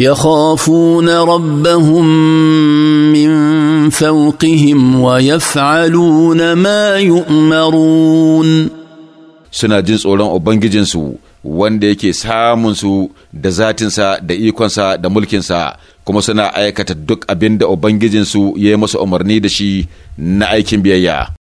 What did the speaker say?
يخافون ربهم من فوقهم ويفعلون ما يؤمرون suna jin tsoron Ubangijinsu wanda yake samunsu da zatinsa da ikonsa da mulkinsa kuma suna aikata duk abin da Ubangijinsu ya yi masa umarni da shi na aikin biyayya.